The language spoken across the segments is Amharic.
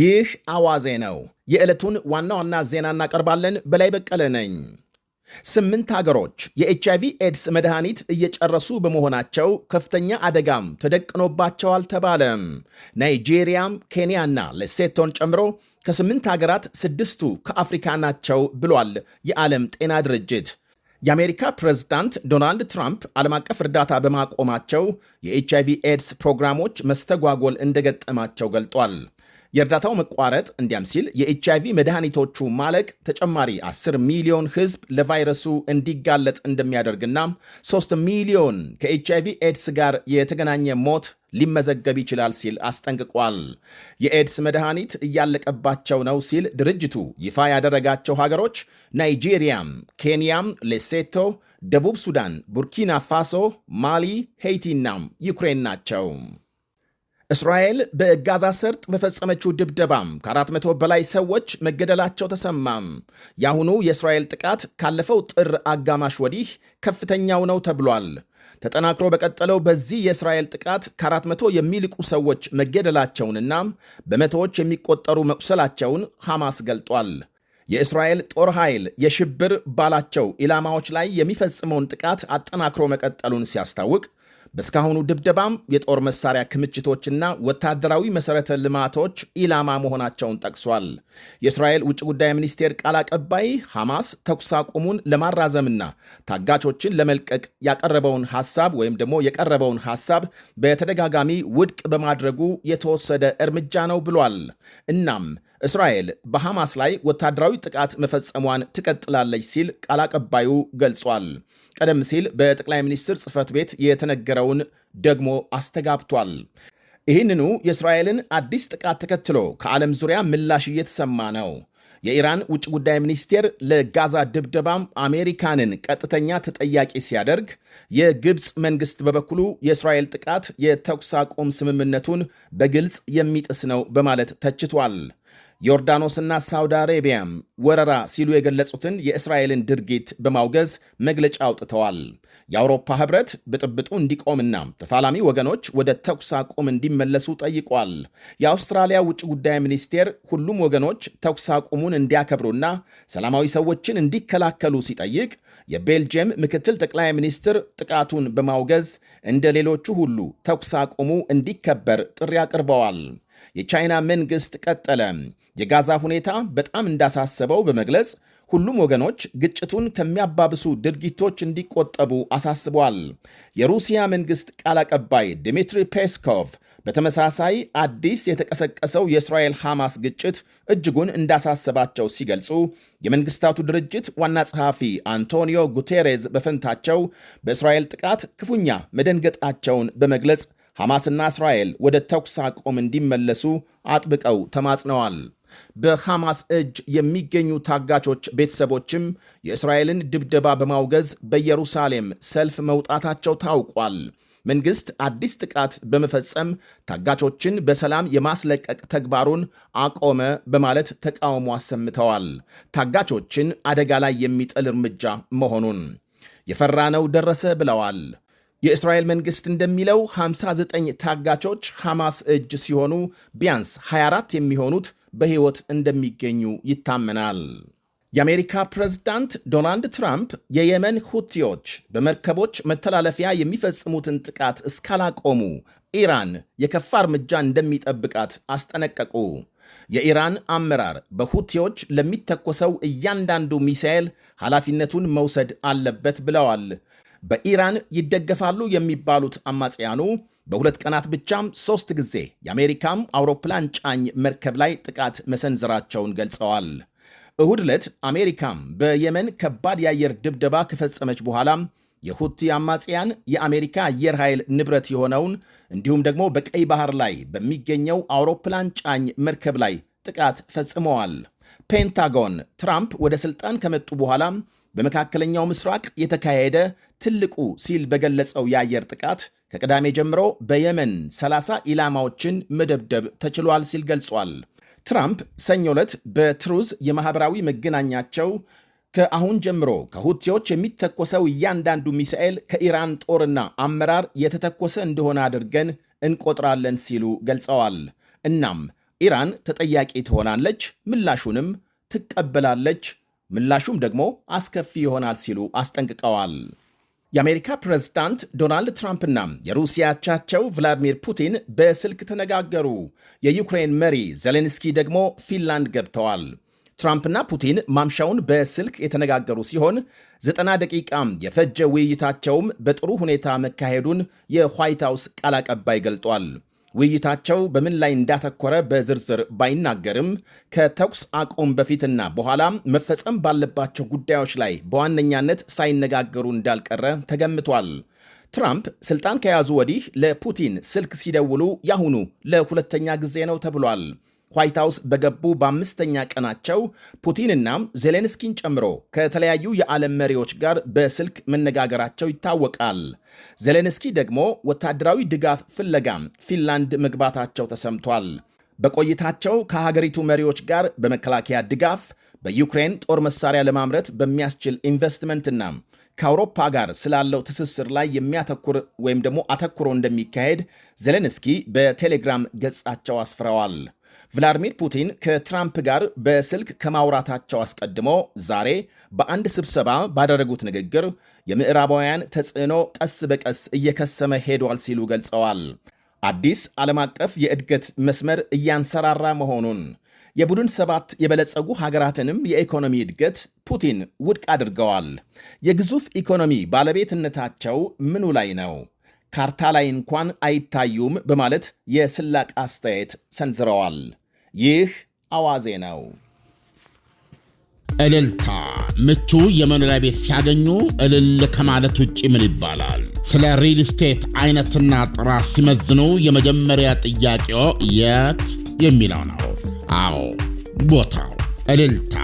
ይህ አዋዜ ነው። የዕለቱን ዋና ዋና ዜና እናቀርባለን። በላይ በቀለ ነኝ። ስምንት ሀገሮች የኤችአይቪ ኤድስ መድኃኒት እየጨረሱ በመሆናቸው ከፍተኛ አደጋም ተደቅኖባቸዋል ተባለም። ናይጄሪያም ኬንያና ሌሴቶን ጨምሮ ከስምንት ሀገራት ስድስቱ ከአፍሪካ ናቸው ብሏል የዓለም ጤና ድርጅት። የአሜሪካ ፕሬዝዳንት ዶናልድ ትራምፕ ዓለም አቀፍ እርዳታ በማቆማቸው የኤች አይቪ ኤድስ ፕሮግራሞች መስተጓጎል እንደገጠማቸው ገልጧል። የእርዳታው መቋረጥ እንዲያም ሲል የኤችአይቪ መድኃኒቶቹ ማለቅ ተጨማሪ 10 ሚሊዮን ህዝብ ለቫይረሱ እንዲጋለጥ እንደሚያደርግና 3 ሚሊዮን ከኤችአይቪ ኤድስ ጋር የተገናኘ ሞት ሊመዘገብ ይችላል ሲል አስጠንቅቋል። የኤድስ መድኃኒት እያለቀባቸው ነው ሲል ድርጅቱ ይፋ ያደረጋቸው ሀገሮች ናይጄሪያም፣ ኬንያም፣ ሌሴቶ፣ ደቡብ ሱዳን፣ ቡርኪና ፋሶ፣ ማሊ፣ ሄይቲናም ዩክሬን ናቸው። እስራኤል በጋዛ ሰርጥ በፈጸመችው ድብደባም ከ400 በላይ ሰዎች መገደላቸው ተሰማም። የአሁኑ የእስራኤል ጥቃት ካለፈው ጥር አጋማሽ ወዲህ ከፍተኛው ነው ተብሏል። ተጠናክሮ በቀጠለው በዚህ የእስራኤል ጥቃት ከ400 የሚልቁ ሰዎች መገደላቸውንና በመቶዎች የሚቆጠሩ መቁሰላቸውን ሐማስ ገልጧል። የእስራኤል ጦር ኃይል የሽብር ባላቸው ኢላማዎች ላይ የሚፈጽመውን ጥቃት አጠናክሮ መቀጠሉን ሲያስታውቅ በእስካሁኑ ድብደባም የጦር መሳሪያ ክምችቶችና ወታደራዊ መሠረተ ልማቶች ኢላማ መሆናቸውን ጠቅሷል። የእስራኤል ውጭ ጉዳይ ሚኒስቴር ቃል አቀባይ ሐማስ ተኩስ አቁሙን ለማራዘምና ታጋቾችን ለመልቀቅ ያቀረበውን ሐሳብ ወይም ደግሞ የቀረበውን ሐሳብ በተደጋጋሚ ውድቅ በማድረጉ የተወሰደ እርምጃ ነው ብሏል። እናም እስራኤል በሐማስ ላይ ወታደራዊ ጥቃት መፈጸሟን ትቀጥላለች ሲል ቃል አቀባዩ ገልጿል። ቀደም ሲል በጠቅላይ ሚኒስትር ጽህፈት ቤት የተነገረውን ደግሞ አስተጋብቷል። ይህንኑ የእስራኤልን አዲስ ጥቃት ተከትሎ ከዓለም ዙሪያ ምላሽ እየተሰማ ነው። የኢራን ውጭ ጉዳይ ሚኒስቴር ለጋዛ ድብደባም አሜሪካንን ቀጥተኛ ተጠያቂ ሲያደርግ፣ የግብፅ መንግስት በበኩሉ የእስራኤል ጥቃት የተኩስ አቁም ስምምነቱን በግልጽ የሚጥስ ነው በማለት ተችቷል። ዮርዳኖስና ሳውዲ አሬቢያም ወረራ ሲሉ የገለጹትን የእስራኤልን ድርጊት በማውገዝ መግለጫ አውጥተዋል። የአውሮፓ ህብረት ብጥብጡ እንዲቆምና ተፋላሚ ወገኖች ወደ ተኩስ አቁም እንዲመለሱ ጠይቋል። የአውስትራሊያ ውጭ ጉዳይ ሚኒስቴር ሁሉም ወገኖች ተኩስ አቁሙን እንዲያከብሩና ሰላማዊ ሰዎችን እንዲከላከሉ ሲጠይቅ የቤልጅየም ምክትል ጠቅላይ ሚኒስትር ጥቃቱን በማውገዝ እንደ ሌሎቹ ሁሉ ተኩስ አቁሙ እንዲከበር ጥሪ አቅርበዋል። የቻይና መንግሥት ቀጠለ። የጋዛ ሁኔታ በጣም እንዳሳሰበው በመግለጽ ሁሉም ወገኖች ግጭቱን ከሚያባብሱ ድርጊቶች እንዲቆጠቡ አሳስቧል። የሩሲያ መንግሥት ቃል አቀባይ ዲሚትሪ ፔስኮቭ በተመሳሳይ አዲስ የተቀሰቀሰው የእስራኤል ሐማስ ግጭት እጅጉን እንዳሳሰባቸው ሲገልጹ የመንግስታቱ ድርጅት ዋና ጸሐፊ አንቶኒዮ ጉቴሬዝ በፈንታቸው በእስራኤል ጥቃት ክፉኛ መደንገጣቸውን በመግለጽ ሐማስና እስራኤል ወደ ተኩስ አቁም እንዲመለሱ አጥብቀው ተማጽነዋል። በሐማስ እጅ የሚገኙ ታጋቾች ቤተሰቦችም የእስራኤልን ድብደባ በማውገዝ በኢየሩሳሌም ሰልፍ መውጣታቸው ታውቋል። መንግሥት አዲስ ጥቃት በመፈጸም ታጋቾችን በሰላም የማስለቀቅ ተግባሩን አቆመ በማለት ተቃውሞ አሰምተዋል። ታጋቾችን አደጋ ላይ የሚጥል እርምጃ መሆኑን የፈራነው ደረሰ ብለዋል። የእስራኤል መንግሥት እንደሚለው 59 ታጋቾች ሐማስ እጅ ሲሆኑ ቢያንስ 24 የሚሆኑት በሕይወት እንደሚገኙ ይታመናል። የአሜሪካ ፕሬዝዳንት ዶናልድ ትራምፕ የየመን ሁቲዎች በመርከቦች መተላለፊያ የሚፈጽሙትን ጥቃት እስካላቆሙ ኢራን የከፋ እርምጃ እንደሚጠብቃት አስጠነቀቁ። የኢራን አመራር በሁቲዎች ለሚተኮሰው እያንዳንዱ ሚሳኤል ኃላፊነቱን መውሰድ አለበት ብለዋል። በኢራን ይደገፋሉ የሚባሉት አማጽያኑ በሁለት ቀናት ብቻም ሶስት ጊዜ የአሜሪካም አውሮፕላን ጫኝ መርከብ ላይ ጥቃት መሰንዘራቸውን ገልጸዋል። እሁድ ዕለት አሜሪካም በየመን ከባድ የአየር ድብደባ ከፈጸመች በኋላ የሁቲ አማጽያን የአሜሪካ አየር ኃይል ንብረት የሆነውን እንዲሁም ደግሞ በቀይ ባህር ላይ በሚገኘው አውሮፕላን ጫኝ መርከብ ላይ ጥቃት ፈጽመዋል። ፔንታጎን ትራምፕ ወደ ሥልጣን ከመጡ በኋላ በመካከለኛው ምስራቅ የተካሄደ ትልቁ ሲል በገለጸው የአየር ጥቃት ከቅዳሜ ጀምሮ በየመን 30 ኢላማዎችን መደብደብ ተችሏል ሲል ገልጿል። ትራምፕ ሰኞ ዕለት በትሩዝ የማኅበራዊ መገናኛቸው ከአሁን ጀምሮ ከሁቲዎች የሚተኮሰው እያንዳንዱ ሚሳኤል ከኢራን ጦርና አመራር የተተኮሰ እንደሆነ አድርገን እንቆጥራለን ሲሉ ገልጸዋል። እናም ኢራን ተጠያቂ ትሆናለች፣ ምላሹንም ትቀበላለች፣ ምላሹም ደግሞ አስከፊ ይሆናል ሲሉ አስጠንቅቀዋል። የአሜሪካ ፕሬዝዳንት ዶናልድ ትራምፕና የሩሲያ አቻቸው ቭላዲሚር ፑቲን በስልክ ተነጋገሩ። የዩክሬን መሪ ዜሌንስኪ ደግሞ ፊንላንድ ገብተዋል። ትራምፕና ፑቲን ማምሻውን በስልክ የተነጋገሩ ሲሆን ዘጠና ደቂቃም የፈጀ ውይይታቸውም በጥሩ ሁኔታ መካሄዱን የዋይት ሀውስ ቃል አቀባይ ገልጧል። ውይይታቸው በምን ላይ እንዳተኮረ በዝርዝር ባይናገርም ከተኩስ አቁም በፊትና በኋላ መፈጸም ባለባቸው ጉዳዮች ላይ በዋነኛነት ሳይነጋገሩ እንዳልቀረ ተገምቷል። ትራምፕ ስልጣን ከያዙ ወዲህ ለፑቲን ስልክ ሲደውሉ ያሁኑ ለሁለተኛ ጊዜ ነው ተብሏል። ዋይት ሃውስ በገቡ በአምስተኛ ቀናቸው ፑቲንና ዜሌንስኪን ጨምሮ ከተለያዩ የዓለም መሪዎች ጋር በስልክ መነጋገራቸው ይታወቃል። ዜሌንስኪ ደግሞ ወታደራዊ ድጋፍ ፍለጋ ፊንላንድ መግባታቸው ተሰምቷል። በቆይታቸው ከሀገሪቱ መሪዎች ጋር በመከላከያ ድጋፍ በዩክሬን ጦር መሳሪያ ለማምረት በሚያስችል ኢንቨስትመንትና ከአውሮፓ ጋር ስላለው ትስስር ላይ የሚያተኩር ወይም ደግሞ አተኩሮ እንደሚካሄድ ዜሌንስኪ በቴሌግራም ገጻቸው አስፍረዋል። ቭላድሚር ፑቲን ከትራምፕ ጋር በስልክ ከማውራታቸው አስቀድሞ ዛሬ በአንድ ስብሰባ ባደረጉት ንግግር የምዕራባውያን ተጽዕኖ ቀስ በቀስ እየከሰመ ሄዷል ሲሉ ገልጸዋል። አዲስ ዓለም አቀፍ የእድገት መስመር እያንሰራራ መሆኑን የቡድን ሰባት የበለጸጉ ሀገራትንም የኢኮኖሚ እድገት ፑቲን ውድቅ አድርገዋል። የግዙፍ ኢኮኖሚ ባለቤትነታቸው ምኑ ላይ ነው? ካርታ ላይ እንኳን አይታዩም በማለት የስላቅ አስተያየት ሰንዝረዋል። ይህ አዋዜ ነው። እልልታ ምቹ የመኖሪያ ቤት ሲያገኙ እልል ከማለት ውጭ ምን ይባላል? ስለ ሪል ስቴት አይነትና ጥራት ሲመዝኑ የመጀመሪያ ጥያቄው የት የሚለው ነው። አዎ ቦታው እልልታ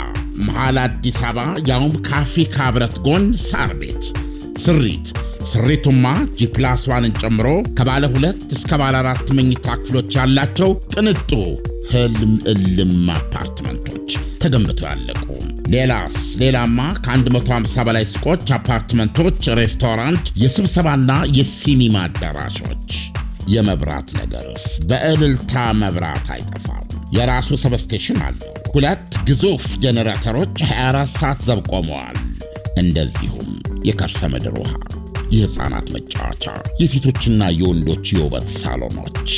መሃል አዲስ አበባ፣ ያውም ከአፍሪካ ህብረት ጎን ሳር ቤት ስሪት ስሪቱማ ጂፕላስ ዋንን ጨምሮ ከባለ ሁለት እስከ ባለ አራት መኝታ ክፍሎች ያላቸው ቅንጡ ህልም እልም አፓርትመንቶች ተገንብተው ያለቁ። ሌላስ ሌላማ ከ150 በላይ ሱቆች፣ አፓርትመንቶች፣ ሬስቶራንት፣ የስብሰባና የሲኒማ አዳራሾች። የመብራት ነገርስ በእልልታ መብራት አይጠፋም። የራሱ ሰብስቴሽን አለው። ሁለት ግዙፍ ጄኔሬተሮች 24 ሰዓት ዘብ ቆመዋል። እንደዚሁም የከርሰ ምድር ውሃ የህፃናት መጫወቻ፣ የሴቶችና የወንዶች የውበት ሳሎኖች፣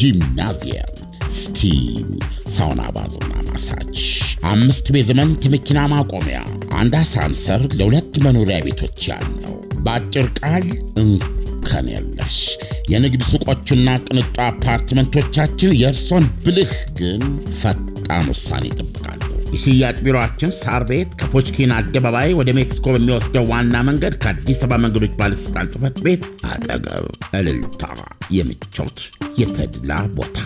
ጂምናዚየም፣ ስቲም፣ ሳውና፣ ባዝና ማሳጅ፣ አምስት ቤዝመንት መኪና ማቆሚያ፣ አንድ አሳንሰር ለሁለት መኖሪያ ቤቶች ያለው በአጭር ቃል እንከን የለሽ የንግድ ሱቆቹና ቅንጡ አፓርትመንቶቻችን የእርሶን ብልህ ግን ፈጣን ውሳኔ ይጠብቃሉ። የሽያጭ ቢሮችን ሳር ቤት ከፖችኪን አደባባይ ወደ ሜክሲኮ በሚወስደው ዋና መንገድ ከአዲስ አበባ መንገዶች ባለሥልጣን ጽፈት ቤት አጠገብ። እልልታ፣ የምቾት የተድላ ቦታ